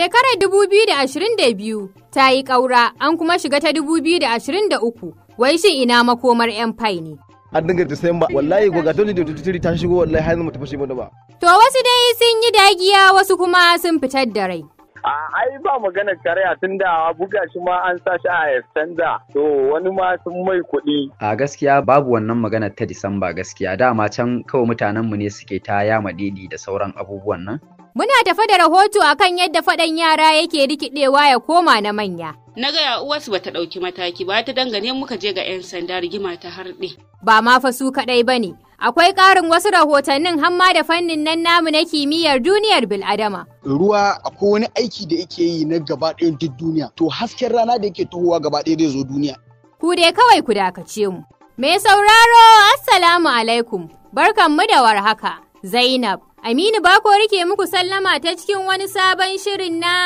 Shekarar 2022 ta yi ƙaura an kuma shiga ta 2023 wai shin ina makomar 'yan fai ne. an dinga Disamba wallahi ko ga 2023 ta shigo wallahi har mu tafi mu da ba. To wasu dai sun yi dagiya wasu kuma sun fitar da rai. A ai ba maganar karya tun da buga shi ma an sa shi a canza to wani ma sun mai kuɗi. A gaskiya babu wannan maganar ta Disamba gaskiya dama can kawai mutanen mu ne suke ta yama didi da sauran abubuwan nan. Muna tafa da rahoto a kan yadda faɗan yara yake rikidewa ya koma na manya. Na gaya uwarsu bata ɗauki mataki ba ta dangane muka je ga 'yan sanda rigima ta harɗe. Ba ma fa su kaɗai ba ne. Akwai ƙarin wasu rahotannin hamma da fannin nan namu na kimiyyar duniyar bil'adama. Ruwa akwai wani aiki da yake yi na gaba ɗayan duk duniya. To hasken rana da yake tohowa gaba ɗaya zai zo duniya. Ku dai kawai ku dakace mu. Mai sauraro, Assalamu alaikum, barkanmu da warhaka, Zainab. Aminu Bako rike muku sallama ta cikin wani sabon shirin na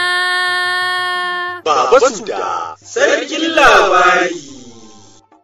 Baba Suda Sarkin Labari.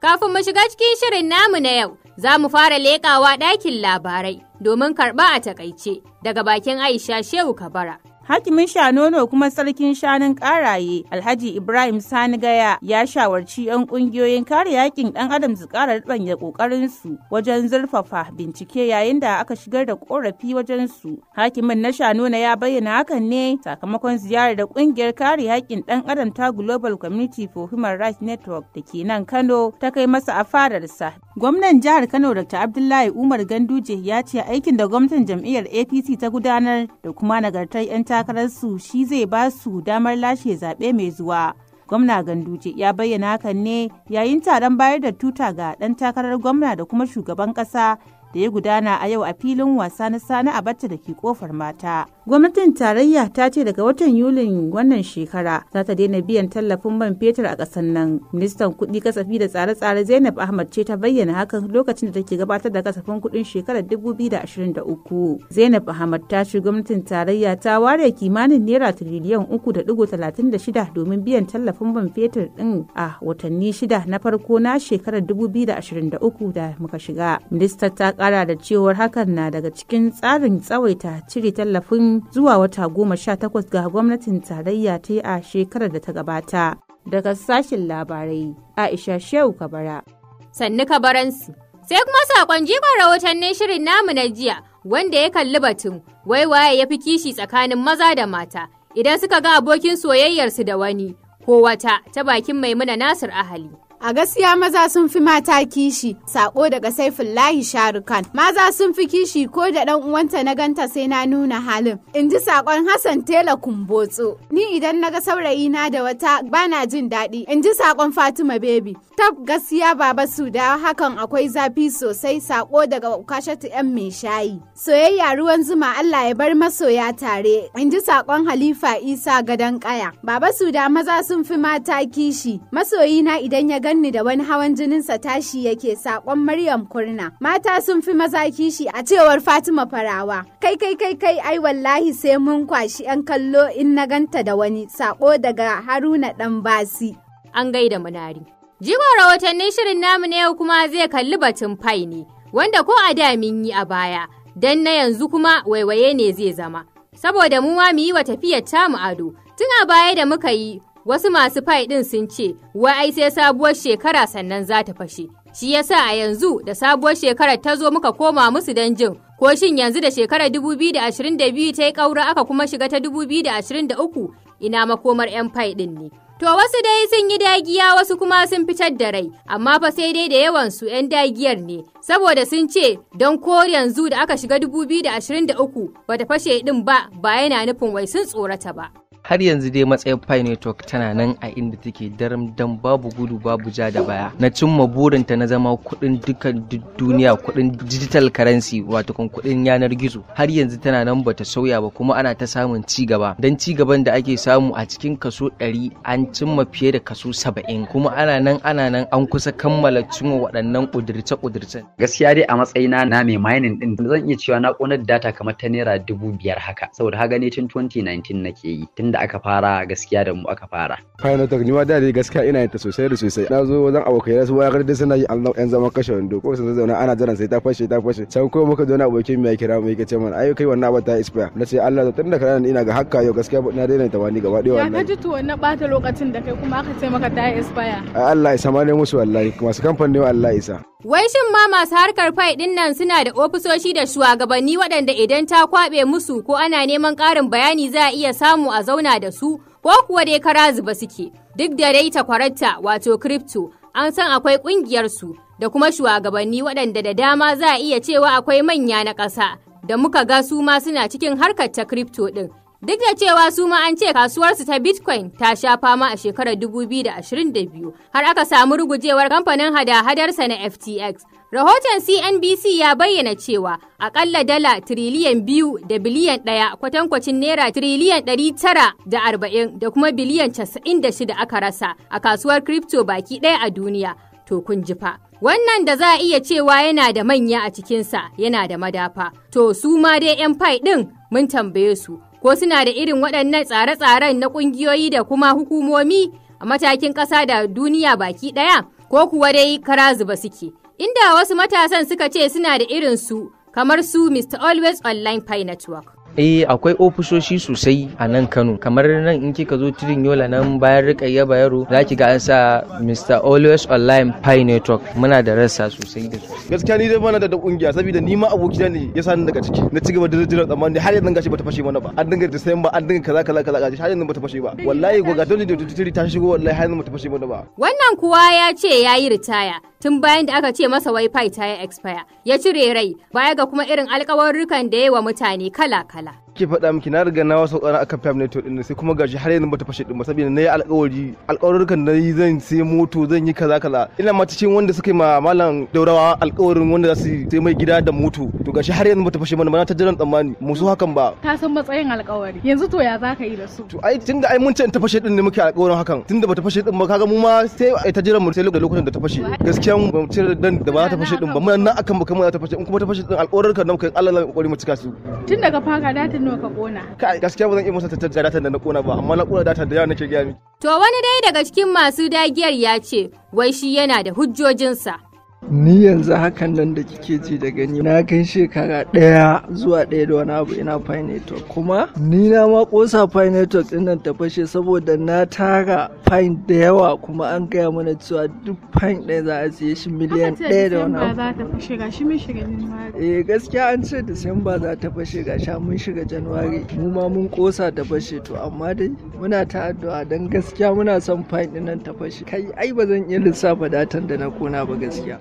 Kafin mu shiga cikin shirin namu na yau, za mu fara leƙawa ɗakin labarai domin karɓa a takaice daga bakin Aisha Shehu Kabara. hakimin shanono kuma sarkin shanun karaye alhaji ibrahim sani gaya ya shawarci 'yan kungiyoyin kare yakin dan adam su kara ya kokarin su wajen zurfafa bincike yayin da aka shigar da korafi wajen su hakimin na shanona ya bayyana hakan ne sakamakon ziyarar da kungiyar kare yakin dan adam ta global community for human rights network da ke nan kano ta kai masa a fadarsa gwamnan jihar kano dr abdullahi umar ganduje ya ce aikin da gwamnatin jam'iyyar apc ta gudanar da kuma nagartar 'yan takararsu shi zai ba su damar lashe zaɓe mai zuwa. Gwamna Ganduje ya bayyana hakan ne yayin taron bayar da tuta ga ɗan takarar gwamna da kuma shugaban ƙasa da ya gudana a yau a filin wasa na sani abacha da ke kofar mata. Gwamnatin tarayya ta ce daga watan Yulin wannan shekara za ta daina biyan tallafin man fetur a ƙasar nan. Ministan kuɗi kasafi da tsare-tsare Zainab Ahmad ce ta bayyana hakan lokacin da take gabatar da kasafin kuɗin shekarar 2023. Zainab Ahmad ta ce gwamnatin tarayya ta ware kimanin naira tiriliyan 3.36 domin biyan tallafin man fetur ɗin a watanni shida na farko na shekarar 2023 da muka shiga. Ministan ta kara da cewar hakan na daga cikin tsarin tsawaita cire tallafin zuwa wata goma sha takwas ga gwamnatin tarayya ta yi a shekarar da ta gabata. Daga sashen labarai, Aisha Shehu Kabara. Sannu Kabaransu. Sai kuma sakon jikon rahotannin shirin namu na jiya wanda ya kalli batun wai waye ya fi kishi tsakanin maza da mata idan suka ga abokin soyayyarsu da wani ko wata ta bakin maimuna Nasir Ahali. A gaskiya maza sun fi mata kishi, sako daga Saifullahi Sharukan. Maza sun fi kishi ko da ɗan uwanta na ganta sai na nuna halin. In ji sakon Hassan Tela Kumbotso. Ni idan naga ga saurayi na da wata bana jin daɗi. In ji sakon Fatima bebi. Tab gaskiya baba su da hakan akwai zafi sosai sako daga kashatu ‘yan mai shayi. Soyayya ruwan zuma Allah ya bar masoya tare. In ji sakon Halifa Isa gadon ƙaya. Baba su da maza sun fi mata kishi. Masoyi na idan ya ganni da wani hawan jininsa tashi yake sakon Maryam Kurna. Mata sun fi maza kishi a cewar Fatima Farawa. Kai kai kai kai ai wallahi sai mun kwashi 'yan kallo in na ganta da wani sako daga Haruna Ɗanbasi. An gaida munari. Jigon rahotannin shirin namu na yau kuma zai kalli batun fai ne, wanda ko a da mun yi a baya, don na yanzu kuma waiwaye ne zai zama. Saboda mu ma mu yi wa tafiyar tamu ado, tun a baya da muka yi Wasu masu fai ɗin sun ce, ai sai sabuwar shekara sannan za ta fashe. Shi ya sa a yanzu da sabuwar shekarar ta zo muka koma musu don jin ko shin yanzu da shekarar 2022 ta yi ƙaura aka kuma shiga ta 2023 ina makomar 'yan fai ɗin ne. To wasu dai sun yi dagiya wasu kuma sun fitar da rai, amma fa sai dai da yawan su 'yan dagiyar ne, saboda sun ce don ko yanzu da aka shiga 2023 bata fashe ɗin ba ba yana nufin wai sun tsorata ba. har yanzu dai matsayin pi network tana nan a inda take daram dan babu gudu babu ja da baya na cimma burinta na zama kudin dukan duniya kudin digital currency wato kudin yanar gizo har yanzu tana nan bata sauya ba kuma ana ta samun ci gaba dan ci gaban da ake samu a cikin kaso 100 an cimma fiye da kaso 70 kuma ana nan ana nan an kusa kammala cimma waɗannan kudirce kudirce gaskiya dai a matsayina na mai mining din zan iya cewa na kona data kamar ta naira dubu biyar haka saboda haga ne tun 2019 nake yi tunda aka fara gaskiya da mu aka fara. Final talk ni ma da gaskiya ina yin ta sosai da sosai. Na zo wajen abokai na su ba gardi suna yi Allah yan zaman kashe wando ko sun zauna ana jiran sai ta fashe ta fashe. Can ko muka zo na abokin mai kira mai kace mana ai kai wannan abin ta expire. Na ce Allah tun da kana ina ga hakka yau gaskiya na daina ta wani gaba ɗaya wannan. Ya ji to wannan bata lokacin da kai kuma aka ce maka ta expire. Allah isa ma ne musu wallahi masu kamfanin wallahi isa. Wai shin ma masu harkar fai ɗin nan suna da ofisoshi da shugabanni waɗanda idan ta kwaɓe musu ko ana neman ƙarin bayani za a iya samu a zauna da su ko kuwa dai kara zuba suke. Duk da dai kwaratta wato crypto an san akwai ƙungiyarsu da kuma shugabanni waɗanda da dama za a iya cewa akwai manya na ƙasa da muka ga su ma suna cikin harkar ta crypto ɗin Duk da cewa su ma an ce kasuwarsu ta Bitcoin ta sha fama a shekarar 2022 har aka samu rugujewar kamfanin hada-hadarsa na FTX. Rahoton CNBC ya bayyana cewa akalla dala tiriliyan biyu da biliyan ɗaya kwatankwacin naira tiriliyan ɗari tara da arba'in da kuma biliyan casa'in da shida aka rasa a kasuwar crypto baki ɗaya a duniya. To kun jifa. Wannan da za a iya cewa yana da manya a cikinsa yana da madafa. To su ma dai 'yan fai ɗin mun tambaye su ko suna da irin waɗannan tsare-tsaren na ƙungiyoyi da kuma hukumomi a matakin ƙasa da duniya baki ɗaya ko kuwa dai kara zuba suke. Inda wasu matasan suka ce suna da irin su kamar su Mr. Always Online Pie Network. eh akwai ofisoshi sosai a nan kano kamar nan in kika zo tirin yola nan bayan rikayya bayero za ki ga an sa mr always online pi network muna da rassa sosai da sosai gaskiya ni dai bana da kungiya saboda ni ma abokina ne ya sani daga ciki na cigaba da jira tsammani har yanzu gashi bata fashe mana ba an dinga disamba an dinga kaza kaza kaza gashi har yanzu bata fashe ba wallahi goga dole da tuturi ta shigo wallahi har yanzu bata fashe mana ba wannan kuwa ya ce yayi ritaya tun bayan da aka ce masa wifi ta ya expire ya cire rai baya ga kuma irin alkawarrukan da ya wa mutane kala kala هلا ke faɗa miki na riga na wasu tsana akan fam network din sai kuma gashi har yanzu bata fashe ɗin ba saboda na yi alƙawari alƙawarin da yi zan sai moto zan yi kaza kaza ina ma cikin wanda suka yi ma malam daurawa alƙawarin wanda za su sai mai gida da moto to gashi har yanzu bata fashe mana ba na ta jiran tsammani musu hakan ba ka san matsayin alƙawari yanzu to ya zaka yi da su to ai tunda ai mun ce in ta fashe ɗin ne muke alƙawarin hakan tunda bata fashe ɗin ba kaga mu ma sai ai ta jiran mu sai lokacin da ta fashe gaskiya mu ban dan da ba za ta fashe din ba mun nan akan ba kamar za ta fashe in kuma ta fashe alƙawarin ka da muke Allah ya kokari mu cika su tun daga faka da nawa ka kona gaskiya ba zan iya musanta tattar datan da na kona ba amma na kona datan da yawa nake gaya miki to wani dai daga cikin masu dagiyar ya ce wai shi yana da hujjojinsa Ni yanzu hakan nan da kike ji da gani na kai shekara ɗaya zuwa ɗaya da wani abu ina Pi Network kuma ni na ma ƙosa Pi Network ɗin nan ta fashe saboda na tara fine da yawa kuma an gaya mana cewa duk fine ɗaya za a siye shi miliyan ɗaya da wani abu. za ta fashe mun shiga Januwari. Eh gaskiya an ce Disemba za ta fashe ga sha mun shiga Januwari mu ma mun ƙosa ta fashe to amma dai muna ta addu'a don gaskiya muna son fine ɗin nan ta fashe kai ai ba zan iya lissafa datan da na kona ba gaskiya.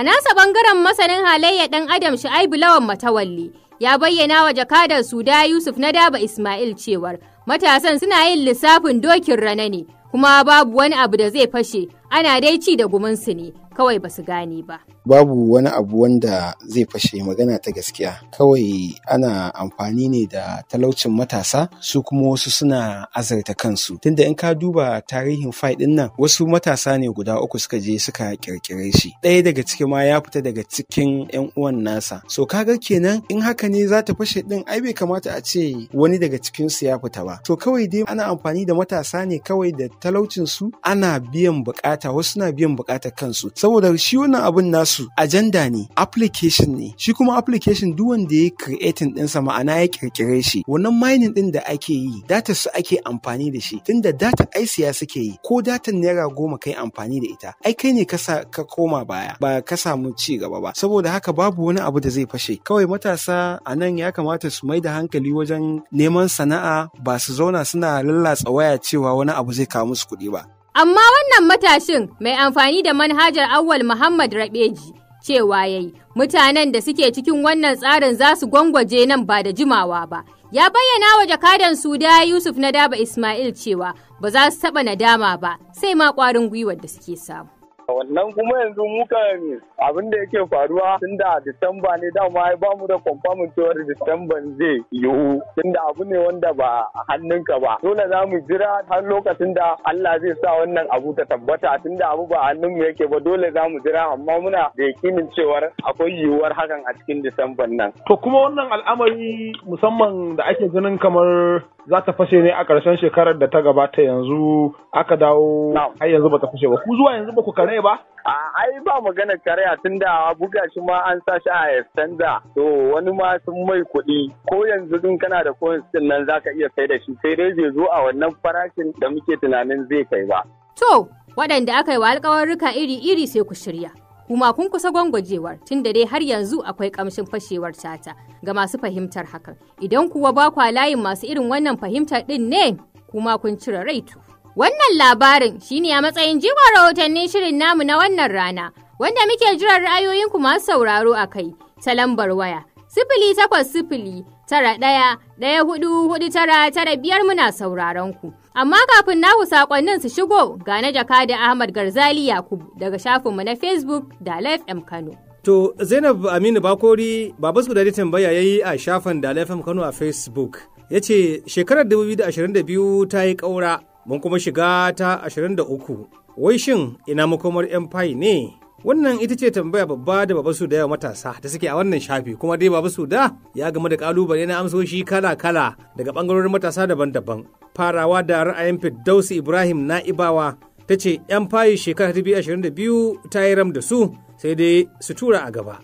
A nasa bangaren masanin halayya ɗan Adam Shu'aibu Lawan Matawalli ya bayyana wa jakadar Suda Yusuf na Daba Ismail cewar matasan suna yin lissafin dokin rana ne kuma babu wani abu da zai fashe ana dai ci da su ne kawai ba su gane ba. Babu wani abu wanda zai fashe magana ta gaskiya. Kawai ana amfani ne da talaucin matasa su kuma wasu suna azarta kansu. Tunda in ka duba tarihin fai ɗin nan wasu matasa ne guda uku suka je suka kirkire shi. Ɗaya daga ciki ma ya fita daga cikin 'yan uwan nasa. So kaga kenan in haka ne za ta fashe ɗin ai bai kamata a ce wani daga cikinsu ya fita ba. To kawai dai ana amfani da matasa ne kawai da talaucin su ana biyan bukata wasu na biyan bukatar kansu saboda shi wannan abun nasu ajanda ne application ne shi kuma application duk wanda ya creating ɗinsa ma'ana ya kirkire shi wannan mining din da ake yi data su ake amfani da shi tunda data ai suke yi ko datan naira goma kai amfani da ita ai kai ne kasa ka koma baya ba ka samu ci gaba ba saboda haka babu wani abu da zai fashe kawai matasa a nan ya kamata su mai da hankali wajen neman sana'a ba su zauna suna lallatsa waya cewa wani abu zai kawo musu kuɗi ba Amma wannan matashin mai amfani da manhajar Awwal Muhammad Rabeji cewa ya yi mutanen da suke cikin wannan tsarin za su gwangwaje nan ba da jimawa ba. Ya bayyana wa jakadan da Yusuf na daba Ismail cewa ba za su taɓa nadama ba sai ma ƙwarin gwiwar da suke samu. Wannan kuma yanzu mukan abin da yake faruwa tun da Disamba ne dama ba mu da kwamfamin cewar disamba zai yiwu tun da abu ne wanda ba hannunka ba. Dole za mu jira har lokacin da Allah zai sa wannan abu ta tabbata tun da abu ba hannun mu yake ba dole za mu jira amma muna da yakinin cewar akwai yiwuwar hakan a cikin disamba nan. To kuma wannan al'amari musamman da ake ganin kamar za ta fashe ne a ƙarshen shekarar da ta gabata yanzu aka dawo har yanzu ba ta fashe ba. Ku zuwa yanzu ba ku kare ba? ba? ai ba magana shari'a tun da buga shi ma an sa shi a extender to wani ma sun mai kuɗi ko yanzu din kana da coins din nan ka iya sai da shi sai dai zai zo a wannan farashin da muke tunanin zai kai ba to waɗanda aka yi wa alƙawarruka iri-iri sai ku shirya kuma kun kusa gwangwajewar tun da dai har yanzu akwai kamshin fashewar tata ga masu fahimtar hakan idan kuwa ba kwa layin masu irin wannan fahimtar ɗin ne kuma kun cire raitu. Wannan labarin shi ne a matsayin jigon rahotannin shirin namu na wannan rana, wanda muke jiran ra'ayoyinku masu sauraro a kai ta lambar waya. Sifili takwas sifili tara ɗaya ɗaya hudu hudu tara tara biyar muna sauraron ku. Amma kafin naku saƙonnin su shigo ga na jaka da Ahmad Garzali Yakubu daga shafinmu na Facebook da Life M Kano. To Zainab Aminu Bakori Babas Gudari tambaya ya a shafin da M Kano a Facebook. Ya ce shekarar 2022 ta yi ƙaura Mun kuma shiga ta 23. Wai shin ina makomar 'yan fayi ne? Wannan ita ce tambaya babba da Baba da yawa matasa da suke a wannan shafi kuma dai Baba da ya game da kalubale na amsoshi kala-kala daga bangarorin matasa daban-daban. Farawa da ra'ayin Firdausi Ibrahim Na'ibawa ta ce 'yan fayi shekara ta 2022 ta yi ram da su sai dai su tura a gaba.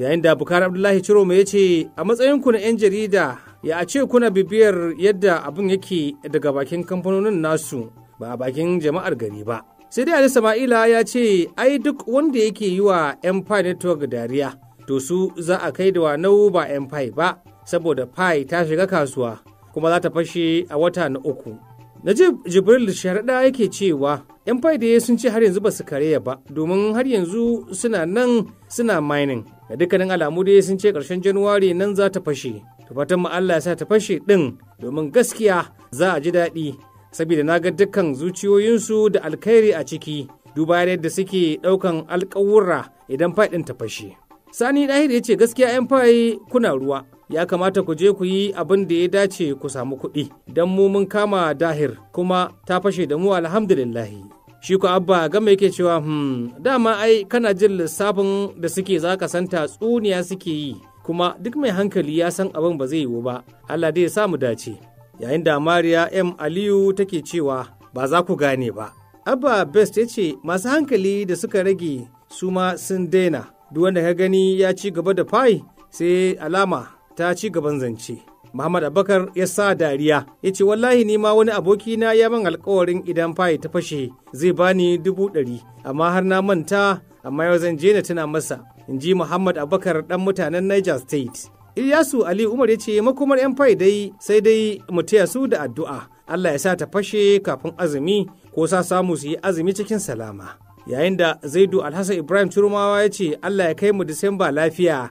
Yayin da Bukar Abdullahi Ciroma ya ce a matsayinku na 'yan jarida ya ce kuna bibiyar yadda abin yake daga bakin kamfanonin nasu ba a bakin jama'ar gari ba sai dai ali sama'ila ya ce ai duk wanda yake yi wa empire network dariya to su za a kai da wanau ba empire ba saboda pi ta shiga kasuwa kuma za ta fashe a wata na uku najib jibril sharaɗa yake cewa yan ya sun ce har yanzu ba su karya ba domin har yanzu suna nan suna mining da dukkanin alamu dai sun ce ƙarshen januwari nan za ta fashe to fatan mu Allah ya sa ta fashe din domin gaskiya za a ji daɗi saboda na ga dukkan zuciyoyinsu da alkhairi a ciki duba yadda suke ɗaukan alƙawura idan faɗin ta fashe. Sani Dahir ya ce gaskiya 'yan fayi kuna ruwa ya kamata ku je ku yi abin da ya dace ku samu kuɗi don mu mun kama Dahir kuma ta fashe da mu alhamdulillahi. Shi ku abba ga gama yake cewa hmm dama ai kana jin lissafin da suke zaka san tatsuniya suke yi kuma duk mai hankali ya san abin ba zai yiwu ba Allah dai ya sa mu dace yayin da Mariya M Aliyu take cewa ba za ku gane ba Abba Best ya ce masu hankali da suka rage su ma sun daina duk wanda ka gani ya ci gaba da fai sai alama ta ci gaban zance Muhammad Abakar ya sa dariya ya ce wallahi ni ma wani aboki na ya man alkawarin idan fai ta fashe zai bani dubu ɗari amma har na manta amma yau zan je na tuna masa in ji Muhammad Abubakar dan mutanen Niger State. Ilyasu Ali Umar ya ce makomar 'yan fai dai sai dai mu taya su da addu'a. Allah ya sa ta fashe kafin azumi ko sa samu su yi azumi cikin salama. Yayin da Zaidu Alhassan Ibrahim Turmawa ya ce Allah ya kai mu Disamba lafiya.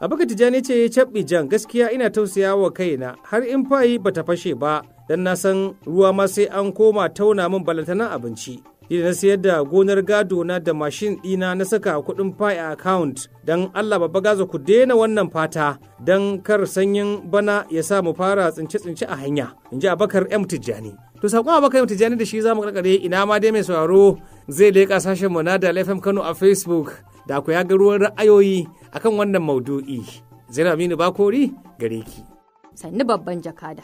Abubakar Tijjani ce cabbi jan gaskiya ina tausaya wa kaina har in fayi bata fashe ba dan na san ruwa ma sai an koma tauna min balantana abinci. Ina na sayar da gonar gado na da mashin ɗina na saka kuɗin fai a account don Allah babba gaza ku daina wannan fata don kar sanyin bana ya sa mu fara tsince-tsince a hanya. In ji Abakar M Tijjani. To saƙon Abakar M Tijjani da shi za mu karkare ina ma dai mai sauraro zai leƙa sashen mu na da FM Kano a Facebook da ku ya ga ruwan ra'ayoyi akan wannan maudu'i. Zainab Aminu Bakori gare ki. Sannu babban jakada.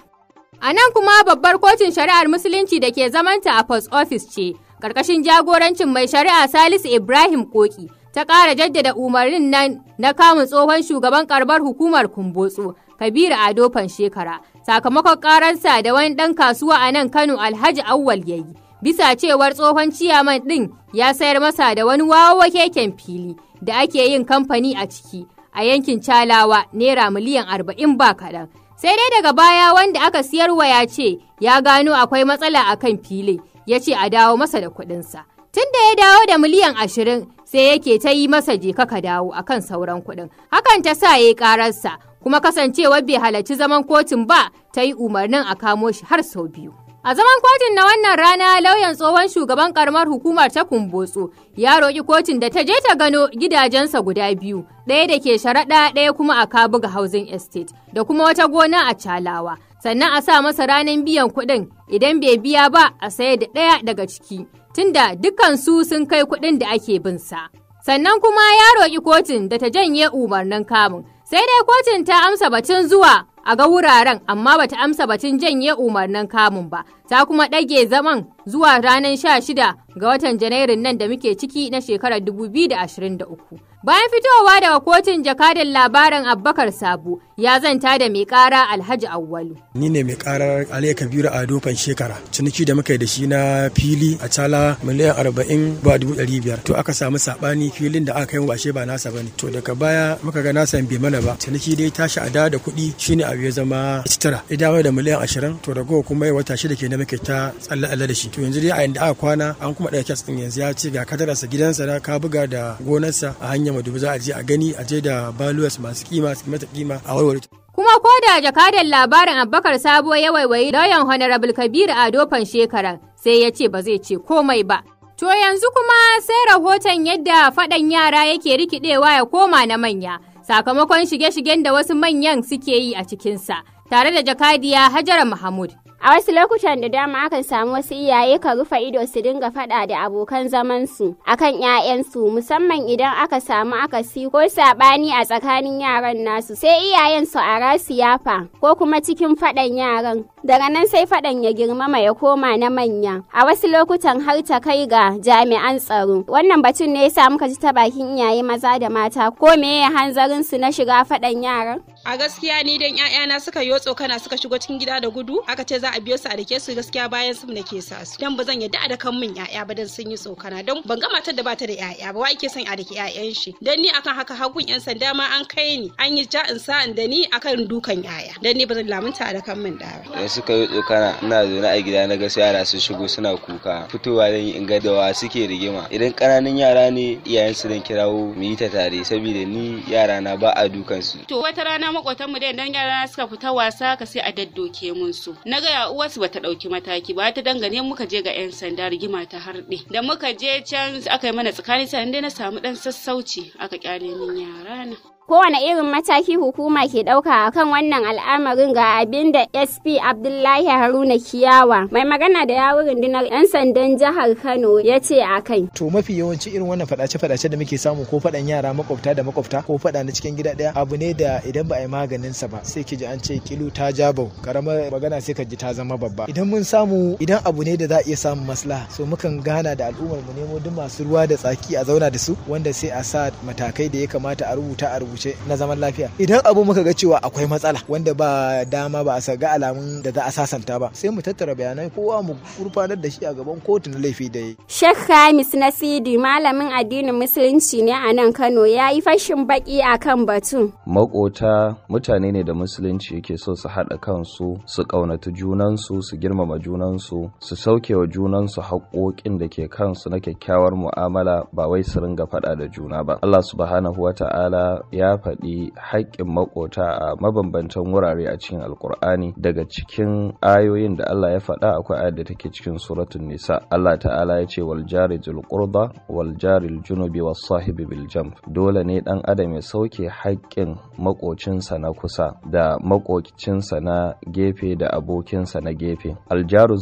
A nan kuma babbar kotun shari'ar musulunci da ke zamanta a post office ce ƙarƙashin jagorancin mai shari'a Salisu Ibrahim Koki ta ƙara jaddada umarnin nan na kamun tsohon shugaban karbar hukumar Kumbotso Kabiru Ado shekara sakamakon ƙararsa da wani ɗan kasuwa a nan Kano Alhaji Awwal yayi bisa cewar tsohon ciyaman ɗin ya sayar masa da wani wawawa keken fili da ake yin kamfani a ciki a yankin Calawa naira miliyan arba'in ba kaɗan. Sai dai daga baya wanda aka siyarwa ya ce ya gano akwai matsala a kan filin ya ce a dawo masa da kuɗinsa. Tun da ya dawo da miliyan ashirin sai yake ta yi masa jeka ka dawo akan sauran kuɗin. Hakan ta sa ya yi kararsa kuma kasancewar bai halarci zaman kotun ba ta yi umarnin a kamo shi har sau biyu. A zaman kotun na wannan rana lauyan tsohon shugaban karamar hukumar ta kumbotso ya roƙi kotun da ta je ta gano gidajensa guda biyu, ɗaya da ke sharaɗa ɗaya kuma a Kabuga Housing Estate da kuma wata gona a Calawa. sannan a sa masa ranar biyan kuɗin idan bai biya ba a sayar da ɗaya daga ciki tunda su sun kai kuɗin da ake bin sa. Sannan kuma ya roƙi kotun da ta janye umarnin kamun sai dai kotun ta amsa batun zuwa a ga wuraren amma bata amsa batun janye umarnin kamun ba ta kuma ɗage zaman zuwa ranar 16 ga watan janairun nan da muke ciki na shekarar 2023. Bayan fitowa daga kotun jakadan labarin abubakar Sabo ya zanta da mai kara Alhaji Awwalu. Ni ne mai karar Aliyu Kabiru a dofan shekara. Ciniki da muka yi da shi na fili a cala miliyan arba'in ba dubu ɗari biyar. To aka samu saɓani filin da aka kai wa ba nasa ba ne. To daga baya muka ga nasa bai mana ba. Ciniki dai tashi a da da kuɗi shine abu ya zama sitara. idan da miliyan ashirin to rago kuma ya wata shida ke na muke ta tsalle a da shi. To yanzu dai a yanda aka kwana an kuma ɗaya kyas ɗin yanzu ya ce ga kadararsa gidansa na ka buga da gonarsa a hanya madubi za a je a gani a je da baluwas masu kima su mata kima a warware kuma ko da jakadan labarin abbakar sabo ya waiwayi lauyan honorable kabir a dofan shekaran sai ya ce ba zai ce komai ba to yanzu kuma sai rahoton yadda faɗan yara yake rikidewa ya koma na manya sakamakon shige-shigen da wasu manyan suke yi a cikinsa tare da jakadiya hajara mahmud A wasu lokutan da dama akan samu wasu iyaye ka rufe ido su dinga faɗa da abokan zamansu akan 'ya'yansu musamman idan aka samu akasi ko saɓani a tsakanin yaran nasu sai iyayen su a rasu yafa ko kuma cikin faɗan yaran. Daga nan sai faɗan ya girmama ya koma na manya. A wasu lokutan har ta kai ga jami'an tsaro. Wannan batun ne ya sa muka ji ta bakin iyaye maza da mata ko me ya hanzarin su na shiga faɗan yaran. a gaskiya ni dan ƴaƴana suka yiwa tsokana suka shigo cikin gida da gudu aka ce za a biyo su a dake su gaskiya bayan su ne ke sa su dan ba zan yadda da kan mun 'ya'ya ba dan sun yi tsokana dan ban ga matar da bata da ƴaƴa ba wai ke son a dake ƴaƴan shi dan ni akan haka hakun 'yan sanda ma an kai ni an yi ja'in sa'an da ni akan dukan 'ya'ya. dan ni ba zan lamunta a dakan min da ba da suka yi tsokana ina zaune a gida na ga yara sun shigo suna kuka fitowa dan in ga dawa suke rigima idan ƙananan yara ne iyayen su dan kirawo mu yi ta tare saboda ni yara na ba a dukan su to wata rana na mu da idan yara suka fita wasa ka sai a daddoke mun su na gaya uwarsu bata dauki mataki ba ta dangane muka je ga yan sanda rigima ta harde da muka je can aka yi mana tsakani sai na samu dan sassauci aka kyale min yara na kowane irin mataki hukuma ke ɗauka akan wannan al'amarin ga abin da sp abdullahi haruna kiyawa mai magana da yawun rundunar 'yan sandan jihar kano ya ce a kai to mafi yawanci irin wannan fadace-fadace da muke samu ko faɗan yara makwabta da makwabta ko faɗa na cikin gida daya abu ne da idan ba a yi maganin sa ba sai ki ji an ce kilu ta jabau karamar magana sai ka ji ta zama babba idan mun samu idan abu ne da za a iya samun maslaha so mukan gana da al'ummar mu nemo duk masu ruwa da tsaki a zauna da su wanda sai a sa matakai da ya kamata a rubuta a rubuta rubuce na zaman lafiya idan abu muka ga cewa akwai matsala wanda ba dama ba a ga alamun da za a sasanta ba sai mu tattara bayanai kowa mu gurfanar da shi a gaban kotu na laifi da yi Sheikh Hamis Sidi, malamin addinin musulunci ne a nan Kano ya yi fashin baki kan batun makota mutane ne da musulunci yake so su haɗa kansu su ƙaunata junansu su girmama junansu su sauke wa junansu haƙoƙin da ke kansu na kyakkyawar mu'amala ba wai su ringa faɗa da juna ba Allah subhanahu wa ta'ala ya ya faɗi haƙƙin maƙota a mabambantan wurare a cikin Alƙur'ani. daga cikin ayoyin da Allah ya faɗa akwai ayar da take cikin suratun nisa Allah ta'ala ya ce wal jari qurba wal jari junubi was sahibi bil dole ne ɗan adam ya sauke haƙƙin maƙocinsa na kusa da maƙocinsa na gefe da abokinsa na gefe al jaru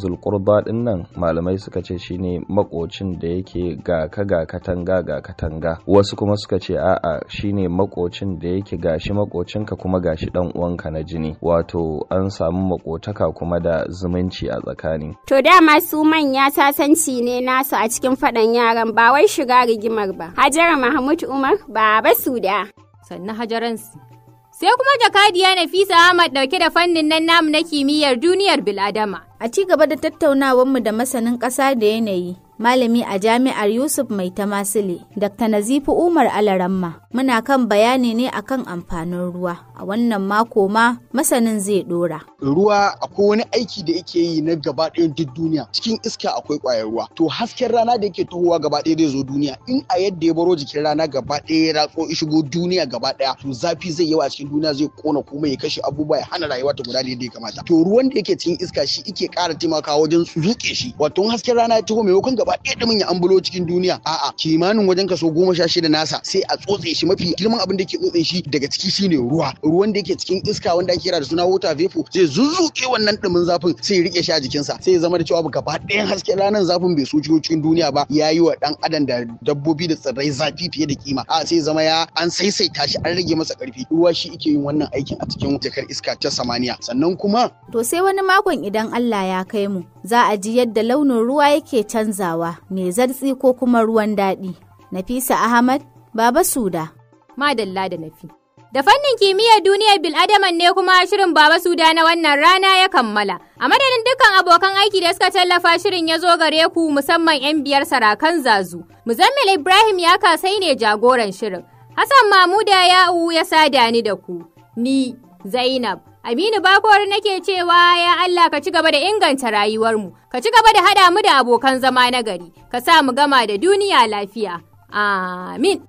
din nan malamai suka ce shine makocin da yake gaka ga katanga ga katanga wasu kuma suka ce a'a shine makocin lokacin da yake gashi makocinka kuma gashi dan uwanka na jini wato an samu makotaka kuma da zumunci a tsakani to dama su manya sasanci ne nasu a cikin faɗan yaran ba wai shiga rigimar ba hajara mahmud umar baba suda sannan hajaransu sai kuma jakadiya Nafisa Ahmad dauke da fannin nan namu na kimiyyar duniyar biladama. A ci gaba da mu da masanin ƙasa da yanayi, malami a jami'ar Yusuf Mai Tamasile, Dr. Nazifu Umar Alaramma. Muna kan bayani ne akan amfanin ruwa. A wannan mako ma masanin zai dora. Ruwa akwai wani aiki da yake yi na gaba ɗayan duk duniya. Cikin iska akwai ƙwayar ruwa. To hasken rana da yake tahowa gaba ɗaya zai zo duniya. In a yadda ya baro jikin rana gaba ɗaya ya ratso shigo duniya gaba ɗaya. To zafi zai yawa cikin duniya zai kona komai ya kashe abubuwa ya hana rayuwa ta guda da ya kamata. To ruwan da yake cikin iska shi ike ƙara taimakawa wajen zuke shi. Wato hasken rana ya taho maimakon gaba ɗaya da ya ambulo cikin duniya a'a kimanin wajen kaso goma sha shida nasa sai a tsotse shi mafi girman abin da ke tsotse shi daga ciki shine ruwa ruwan da yake cikin iska wanda ake kira da suna water vapor zai zuzzuke wannan ɗumin zafin sai riƙe rike shi a jikinsa sai ya zama da cewa gaba ɗayan hasken ranar zafin bai sojo cikin duniya ba ya yi wa ɗan adam da dabbobi da tsirrai zafi fiye da kima a sai zama ya an saisaita shi an rage masa ƙarfi ruwa shi ike yin wannan aikin a cikin jakar iska ta samaniya sannan kuma to sai wani makon idan Allah ya kai mu za a ji yadda launin ruwa yake canzawa haɗawa mai zartsi ko kuma ruwan daɗi. Nafisa Ahmad, Baba Suda. Madalla da Nafi. Da fannin kimiyyar duniyar bil'adaman ne kuma shirin Baba Suda na wannan rana ya kammala. A madadin dukkan abokan aiki da suka tallafa shirin ya zo gare ku musamman 'yan biyar sarakan zazu. Muzammil Ibrahim ya kasai ne jagoran shirin. Hassan Mamuda ya ya sada ni da ku. Ni Zainab Aminu Bakor nake cewa ya Allah ka ci gaba da inganta rayuwarmu, ka ci gaba da haɗa mu da abokan zama na gari, ka sa mu gama da duniya lafiya. Amin.